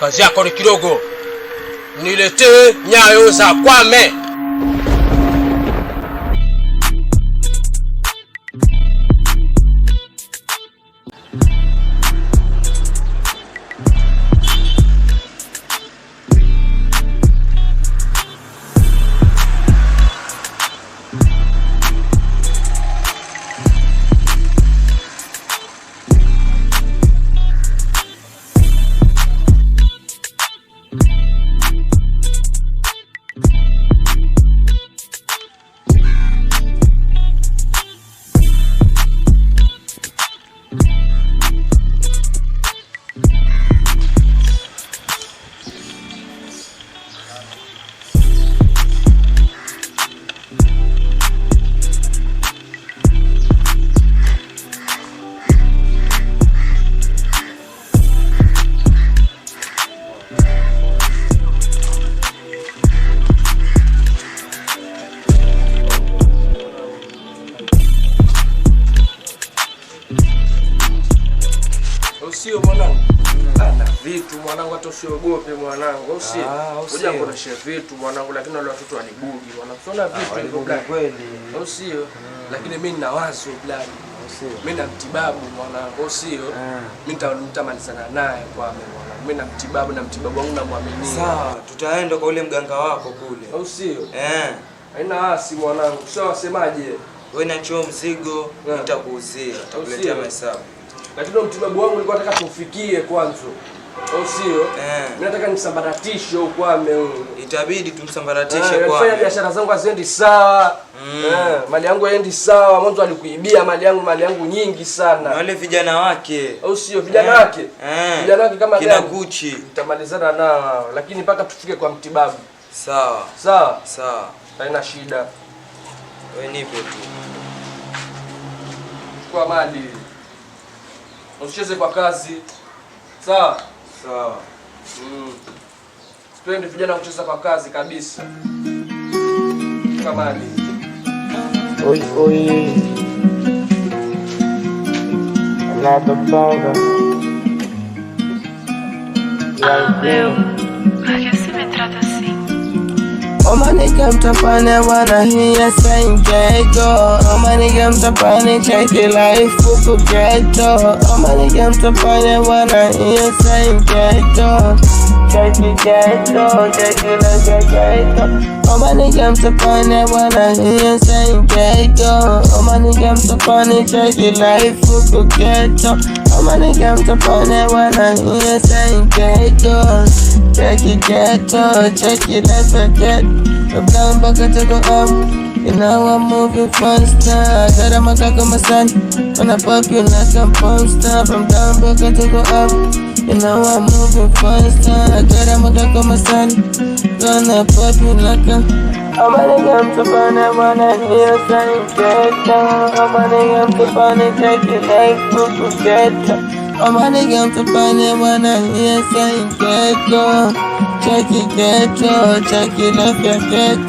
Kazi yako ni kidogo, niletee nyayo za Kwame. usiogope mwanangu, au si kuja ah, kuonesha vitu mwanangu, lakini wale watoto wanibugi wanakiona ah, vitu hivyo kweli, au sio? Ah. Lakini mimi nina wazo blani, mimi na mtibabu mwanangu, au sio? Mimi nitamalizana naye kwa mwanangu, mimi na mtibabu na mtibabu wangu namwamini. Sawa, tutaenda kwa ule mganga wako kule, au sio? Eh, haina hasi mwanangu, sio wasemaje? Wewe na choo mzigo eh. nitakuuzia, nitakuletea mahesabu, lakini mtibabu wangu nilikuwa nataka tufikie kwanza au oh, sio? Eh. Mimi nataka nisambaratishe huko ame. Itabidi tumsambaratishe eh, kwa. Nafanya biashara zangu haziendi sawa. Mm. Eh, mali yangu haendi sawa. Mwanzo alikuibia mali yangu, mali yangu nyingi sana. Na wale vijana wake. Au oh, sio? Vijana eh. wake. Eh. Vijana wake kama kina Gucci. Tutamalizana nao, lakini mpaka tufike kwa mtibabu. Sawa. Sawa. Sawa. Haina shida. Wewe nipe tu. Kwa mali. Usicheze kwa kazi. Sawa. Sawa. Mm. Twende vijana kucheza kwa kazi kabisa. Kama ni. Oi oi. Another powder. Ya, leo. Para que se me trata Oh my nigga wanna hear ya sainjego Oh my nigga mtapane chaiti life huku ghetto Oh my nigga mtapane wana hii ya sainjego Chaiti ghetto, chaiti life ghetto Oh my nigga mtapane wana hii ya ghetto? Oh my nigga mtapane chaiti life huku ghetto I'm gonna get up on that one I need saying get go Check it ghetto Check it let's forget I'm down back to go up And now I'm moving fast, I on my Wanna faster Sarama kako masan Wanapapi unaka poster From down back to go up And now I'm moving fast, I on my faster Sarama kako masan Wanapapi unaka Amanı yaptı bana bana Yine seni geçtim Amanı yaptı bana Çekil ey kutu geçtim Amanı yaptı bana bana Yine seni geçtim Çekil geçtim Çekil ey geçtim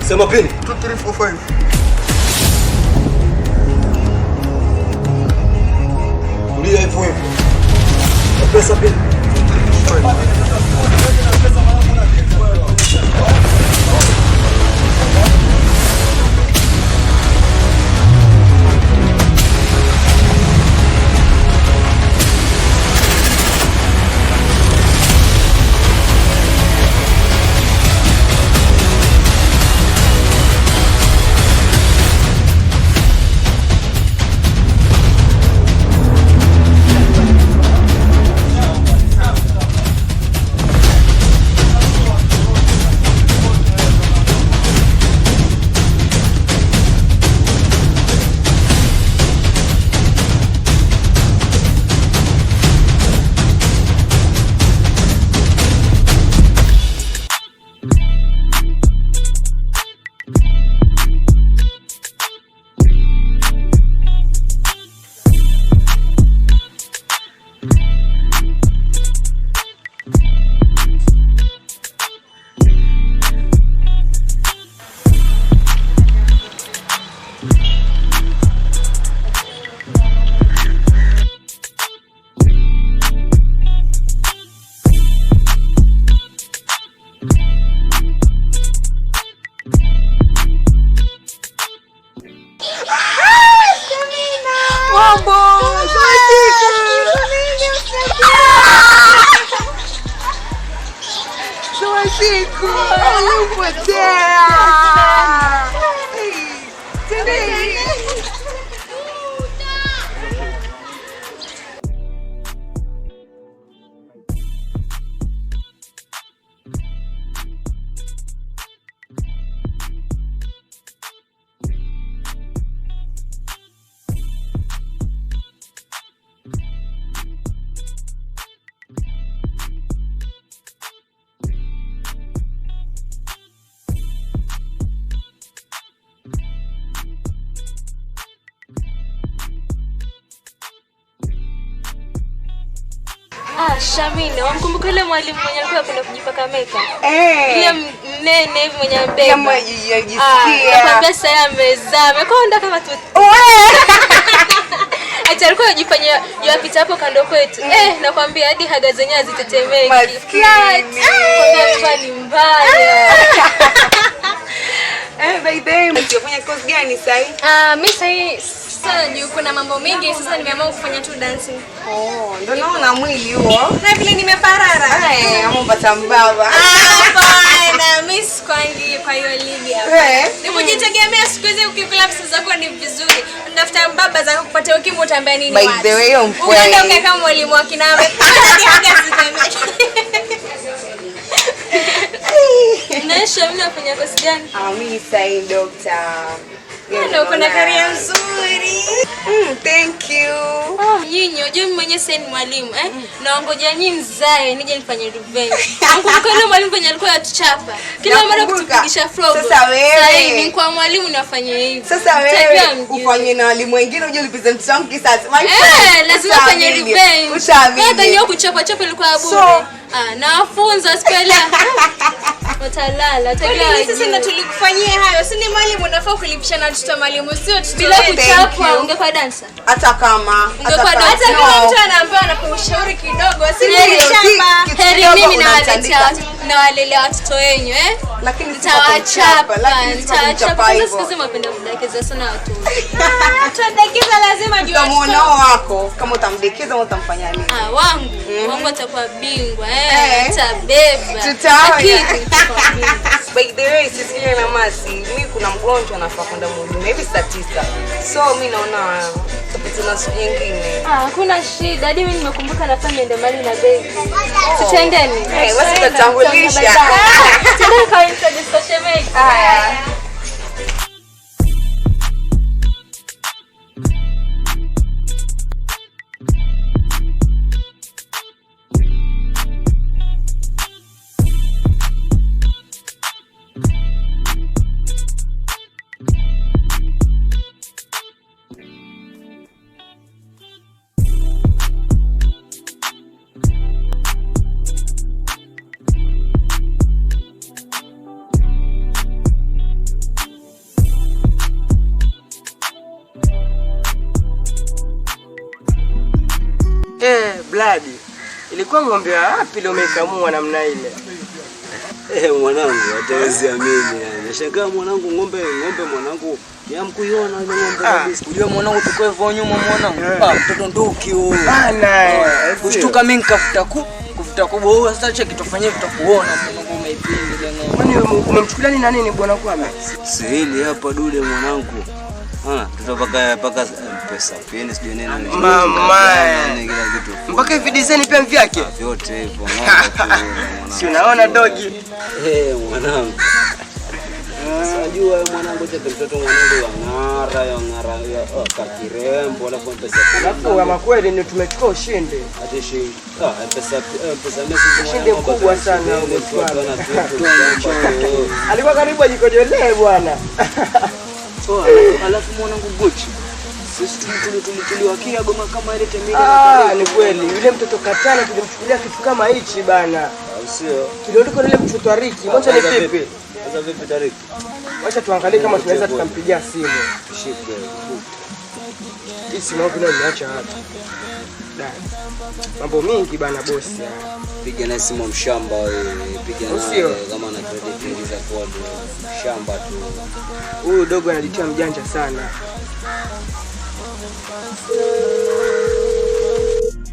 Sema pini 2345 pueblo. Empieza a mwalimu mwenye alikuwa kwenda kujipaka makeup. Eh. mnene hivi mwenye mbele. Kama yajisikia. Ah, nakwambia sasa yeye amezaa. Amekonda kama tu. Acha alikuwa anajifanyia yapita hapo kando kwetu. Mm. Eh, nakwambia hadi haga zenyewe hazitetemeki. Masikia. Kwa ni mbaya. Eh. eh, by the way, mtafanya course gani sasa? Ah, mimi sasa sasa juu kuna mambo mengi, sasa nimeamua kufanya tu dancing. Oh, ndio naona mwili huo na vile nimeparara. Eh, amepata mbaba. Ah, hapana, mimi sikwangi kwa hiyo ligi hapa. Ni kujitegemea siku hizi, ukikula pesa zako ni vizuri. Unatafuta mbaba za kukupatia ukimwi, utaambia nini wapi? By the way, umpwe. Unataka kama mwalimu wa kinawe. Naisha, mimi nafanya kazi gani? Ah, mimi sai doctor. Ndio kuna karia nzuri. Mm, thank you. Oh, nyinyi unajua mimi mwenyewe sasa ni mwalimu eh? Mm. Naongoja nyinyi mzae nije nifanye revenge. Nakumbuka yule mwalimu mwenye alikuwa atuchapa. Kila mara kutupigisha frog. Sasa wewe. Sasa hivi kwa mwalimu nafanya hivi. Sasa wewe ufanye na walimu wengine uje ulipize mtoto wangu kisasi. Eh, lazima ufanye revenge. Hata nyinyi kuchapa chapa ilikuwa bure. So, Ah, nawafunza spela. Watalala. tulikufanyia hayo. Si ni mwalimu unafaa kulipisha na tuta mwalimu sio Bila dansa. kama kama mtu anaambiwa na kidogo si mimi na walelea watoto wenyu eh. Lakini sana watu. Mtu ah, lazima wako kama utamdekeza au ah, wangu. Mungu mm-hmm. atakuwa bingwa eh, eh atabeba. Tutaona. By the way, Cecilia na Masi, mimi kuna mgonjwa nafaa kwenda mhudumu hivi saa tisa. So mimi naona tupite siku nyingine. Ah, hakuna shida. Hadi mimi nimekumbuka nafaa niende mbali na baby. Tutendeni. Oh. Eh, wasi tutambulisha. Tutendeni kwa Insta shemeji. Haya. Ah. ng'ombe wapi leo umekamua namna ile? Eh, mwanangu atawezi amini. Nashangaa mwanangu ng'ombe ng'ombe mwanangu yamkuiona ile ng'ombe ah. kabisa. Unajua mwanangu tuko hivyo nyuma mwanangu. Eh. Ah, mtoto nduki huyo. Bana. Ah, eh, kushtuka eh. mimi nikafuta ku kufuta kubwa huyo sasa cha kitofanyia tutakuona mwanangu umeipinda ile ng'ombe. Kwani umemchukulia nini na nini bwana kwame? Si hapa dude mwanangu mpaka hivi design pia vyake ah, vyote, si unaona dogi mwanangu. mwanangu, ama kweli ni tumechukua ushindi ah, eh, ushindi mkubwa sana. Alikuwa karibu ajikojolee bwana. alafu mwanangu Gucci, sisi goma kama ile temini. Ah, ni kweli yule mtoto katana tulimchukulia kitu kama hichi bana, ah, sio kidoliko ile mtoto Ariki. Mwacha ah, ni vipi sasa? Vipi Tariki, wacha tuangalie kama tunaweza tukampigia simu. Shike hii simu yako, ndio hapa mambo mingi bana bosi, piga na simu mshamba wewe, piga oh, na kama credit nyingi za kodi mshamba tu. Huyu dogo anajitia mjanja sana.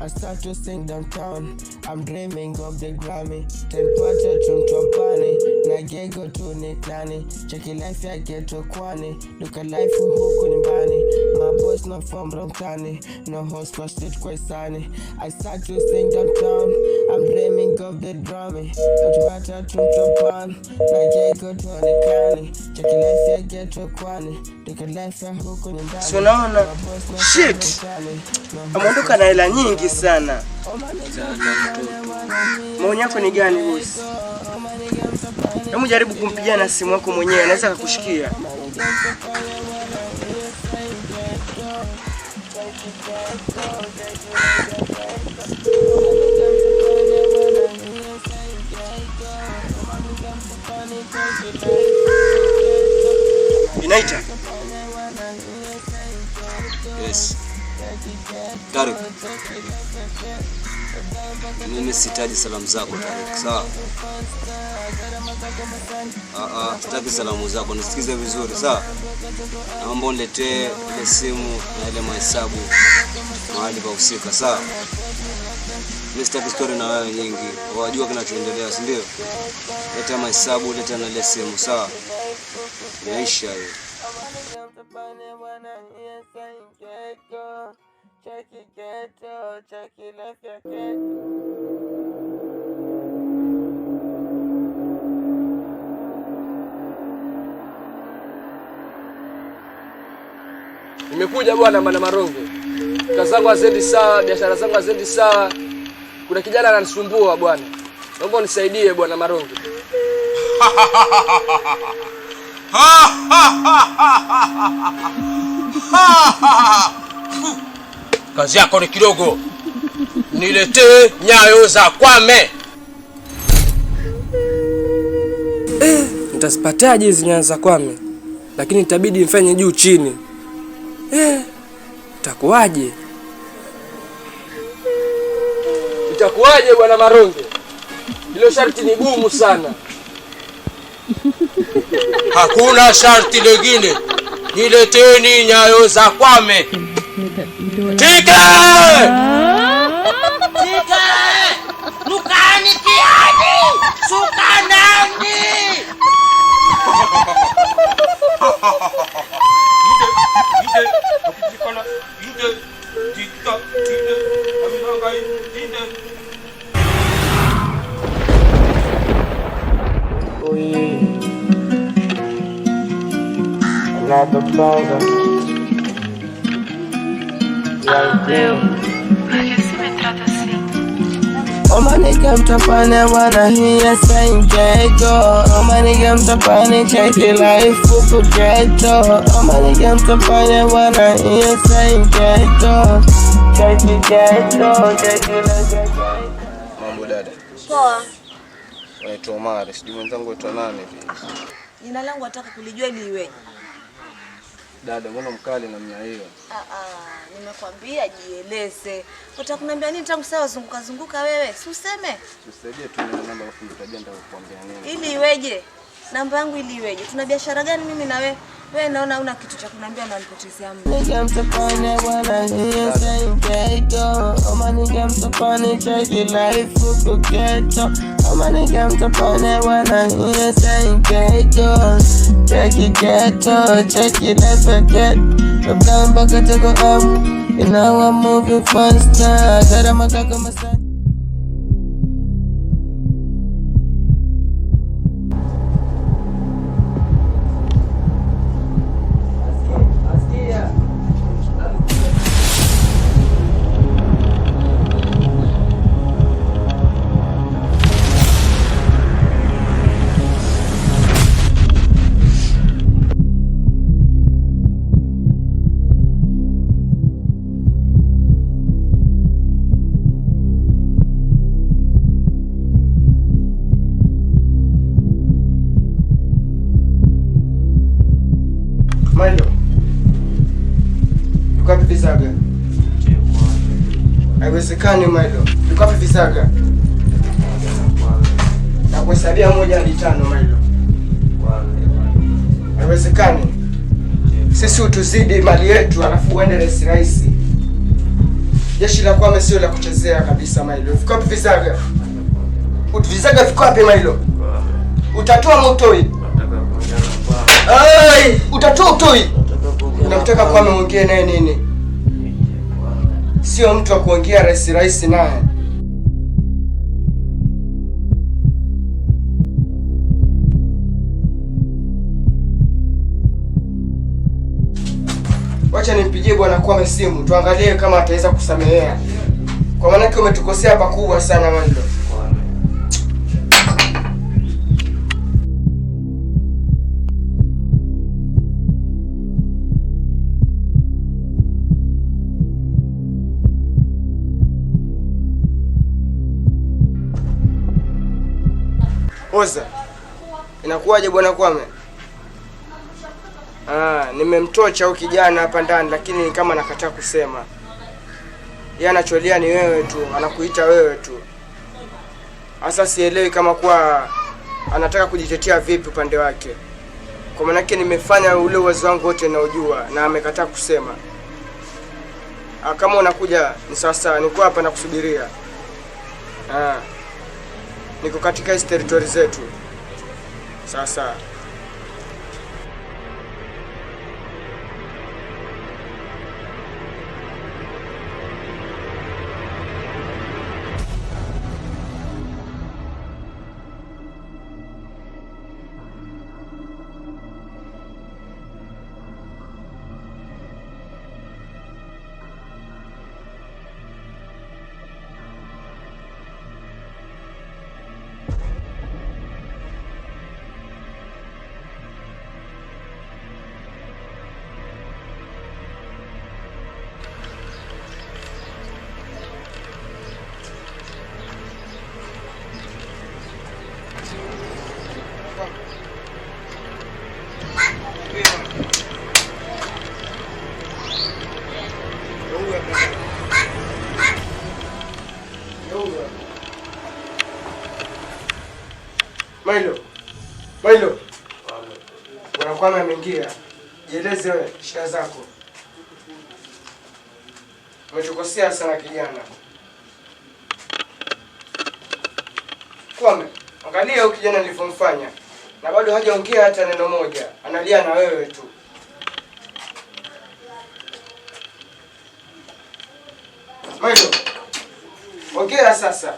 I start to sing downtown. I'm dreaming of the Grammy. Temperature chumchwa pani na gego tu ni nani. Cheki life ya geto kwani. Look at life who huku nyumbani. My boys not from Romtani. No host for street kwa isani. I start to sing downtown. I'm dreaming of the Grammy. Temperature chumchwa pani na gego tu ni nani. Cheki life ya geto kwani. Look at life ya huku nyumbani. So now, naona shit. I'm Ameondoka na hela nyingi sana. Maoni yako ni gani bosi? Hebu jaribu kumpigana simu yako mwenyewe, anaweza kukushikia. sitaji salamu zako sawa. Ah, ah, sitaki salamu zako, nisikize vizuri sawa. Naomba uniletee ile simu na ile mahesabu mahali pa husika sawa. Mimi sitaki story na wewe nyingi, wajua kinachoendelea, si ndio? Leta mahesabu, leta na ile simu sawa. Naisha hiyo cha kigeto cha kilafya Nimekuja bwana maana marongo. Kazi zangu hazendi sawa, biashara zangu hazendi sawa. Kuna kijana ananisumbua bwana. Naomba unisaidie bwana marongo. Kazi yako ni kidogo. Niletee nyayo za Kwame. Eh, nitazipataje hizi nyayo za Kwame? Lakini itabidi nifanye juu chini. Eh, itakuwaje? Itakuwaje bwana Maronge? Hilo sharti ni gumu sana. Hakuna sharti lingine. Nileteni nyayo za Kwame. Chika! Chika! luka ni Kiani! Suka Nami! Oi. the problem. Meu, por que você me trata assim? Oh my nigga, life Oh my nigga, Mambo dada Poa Unaitwa Omari, sijui mwenzangu wetu nani hivi? Jina langu nataka kulijua liwe Dada, mbona mkali namna hiyo? Ah ah, nimekwambia jieleze. Utakuniambia nini tangu saa zunguka zunguka wewe? Si useme. Tusaidie tu na namba alafu nitajia nini. Ili iweje? Namba yangu ili iweje? Tuna biashara gani mimi na wewe? Wewe naona una kitu cha kuniambia na nipotezea muda. Money comes to up it when I hear saying get yours Check it, get yours, check it, let's forget The blind bucket to go up You know I'm moving faster I'm a talk on my Haiwezekani my lord. visaga. Na kuhesabia moja hadi tano my Haiwezekani. Sisi utuzidi mali yetu alafu uende rahisi rahisi. Jeshi la kwame sio la kuchezea kabisa my lord. Vikapi visaga. Utvizaga vikapi my Utatoa mtoi. utatoa utoi. Unamtaka kwame mwingine naye nini? sio mtu wa kuongea rahisi rahisi naye. Wacha nimpigie Bwana kwa simu tuangalie kama ataweza kusamehea, kwa maana yake umetukosea pakubwa sana Mandlo. Poza, inakuwaje bwana Kwame? Ah, nimemtocha huyu kijana hapa ndani, lakini ni kama anakataa kusema. Yeye anacholia ni wewe tu, anakuita wewe tu. Sasa sielewi kama kuwa anataka kujitetea vipi upande wake, kwa yake nimefanya ule uwezo wangu wote naojua, na amekataa kusema. Ah, kama unakuja ni sawasawa, niko hapa nakusubiria. Ah niko katika hizi territory zetu sasa Mailo, Mailo, wanakwama ameingia. Jieleze wewe, shida zako. Umechukosea sana kijana. Angalia huyu kijana nilivyomfanya, na bado hajaongea hata neno moja, analia na wewe tu. Maido, ongea sasa.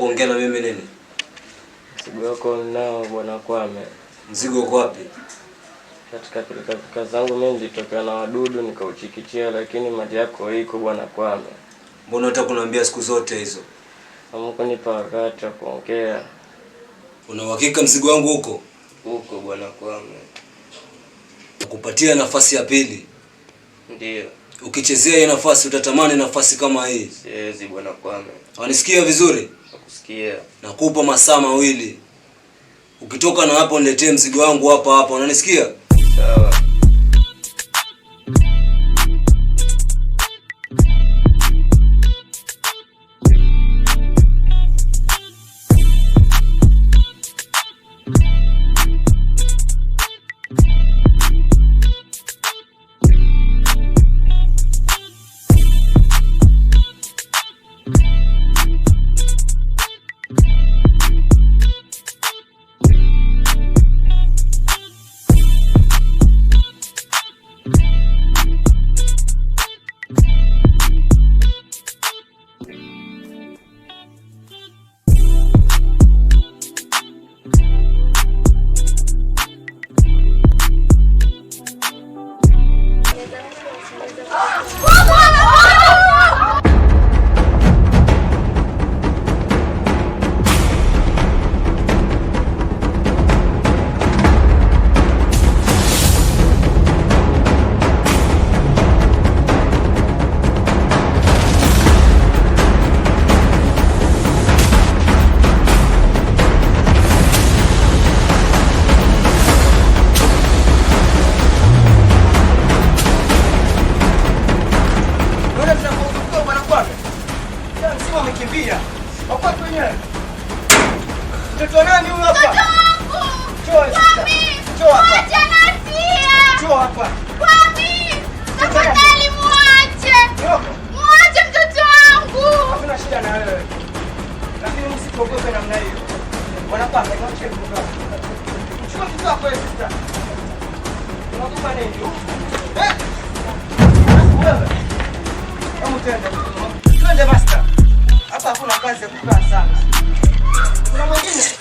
kuongea na mimi nini? Mzigo wako nao bwana Kwame. Mzigo uko wapi? Katika pilikapilika zangu mimi nilitokea na wadudu nikauchikichia, lakini maji yako iko bwana Kwame. Mbona hata kuniambia siku zote hizo? Hamkunipa wakati wa kuongea. Una uhakika mzigo wangu huko? Huko bwana Kwame. Kupatia nafasi ya pili. Ndio. Ukichezea hii nafasi utatamani nafasi kama hii. Siwezi bwana Kwame. Wanisikia vizuri? Nakusikia. Nakupa masaa mawili, ukitoka na hapo niletee mzigo wangu hapa hapa, unanisikia? Sawa. Twende basta. Hapa hakuna kazi ya kukaa sana. Kuna mwingine?